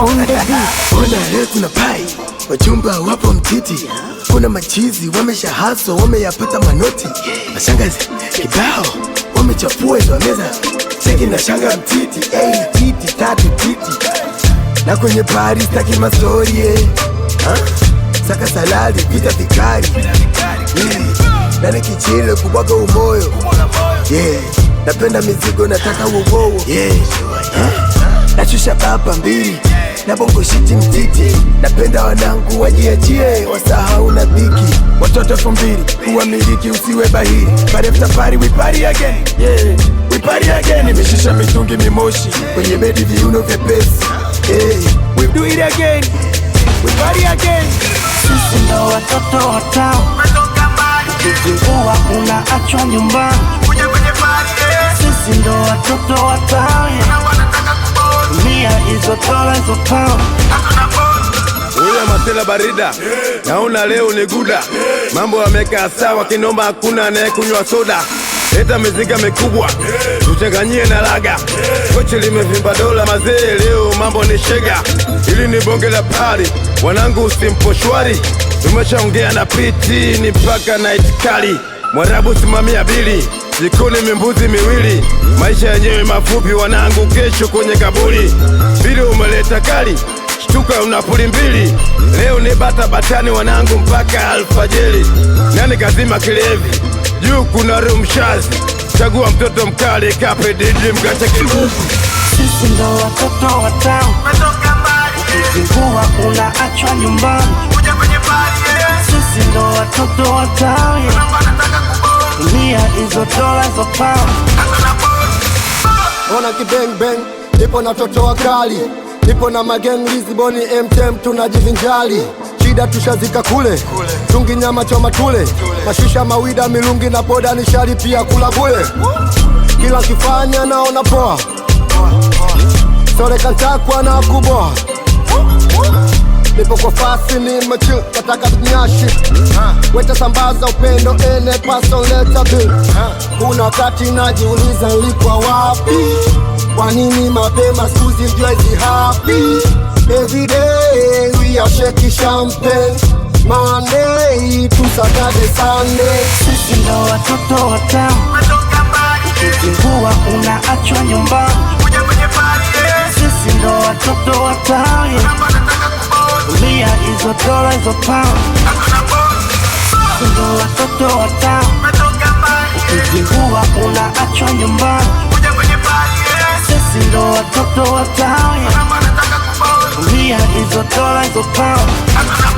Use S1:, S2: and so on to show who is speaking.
S1: on the Kuna na pai wachumba wapo mtiti, kuna machizi wamesha haso wameyapata manoti, mashangazi kibao wamechapua hizo meza, sengi na shanga mtiti, hey, eh, titi tatu titi na kwenye pari staki mastori eh. Saka salali pita vikari yeah. na nikichile kubwaga umoyo yeah. napenda mizigo nataka ugowo yeah. Nashusha baba mbili na bongo shiti mtiti. Napenda wanangu wajiachie, wasahau na dhiki. Watoto elfu mbili kuwamiliki, usiwe bahiri. But after party we party again, yeah we party again. Nimeshusha mitungi mimoshi kwenye bedi, viuno vyepesi, hey we do it again, we party again.
S2: Sisi ndo watoto watao, kizingua kuna achwa nyumbani. Sisi ndo watoto watao zako power.
S3: Uya matela barida, naona leo ni guda, mambo yamekaa sawa, kinomba hakuna anayekunywa soda Leta mizinga mikubwa tuchanganyie na laga, kochi limevimba dola mazee, leo mambo ni shega. ili ni bonge la pari, wanangu usimpo tumeshaongea na piti ni mpaka na itikali. Mwarabu simamia bili jikoni mimbuzi miwili, maisha yenyewe mafupi, wanangu kesho kwenye kaburi. Bili umeleta kali, shtuka unapuli mbili. Leo ni bata batani, wanangu mpaka alfajiri. Nani kazima kilevi? Juu kuna rumshazi, chagua mtoto mkali, kape DJ mkacha kibuzi.
S2: Sisi ndo watoto wa town, ukizingua unaachwa nyumbani. Eh. Sisi ndo watoto wa tumia hizo dola za pao.
S4: Ona kibeng beng, nipo na toto wakali, nipo na mageng Lisboni, MTM tunajivinjali shida tushazika kule, kule. Tungi nyama choma tule, mashisha mawida milungi na poda nishari pia kula bule, kila kifanya naona poa, sore kantakwa na kuboa nipo kwa fasi ni machi nataka tunyashi weta sambaza upendo ene paso leta bi kuna wakati najiuliza likwa wapi kwa nini mapema skuzi mjwezi hapi everyday we are sheki champagne Monday to Saturday Sunday
S2: sisi ndo watoto watamu ukizingua unaachwa nyumbani kuja kwenye party Totora hizo pao, kuna watoto watao, ukijivua unaachwa nyumbani. Sisi ndo watoto watao, kulia hizo tola hizo pao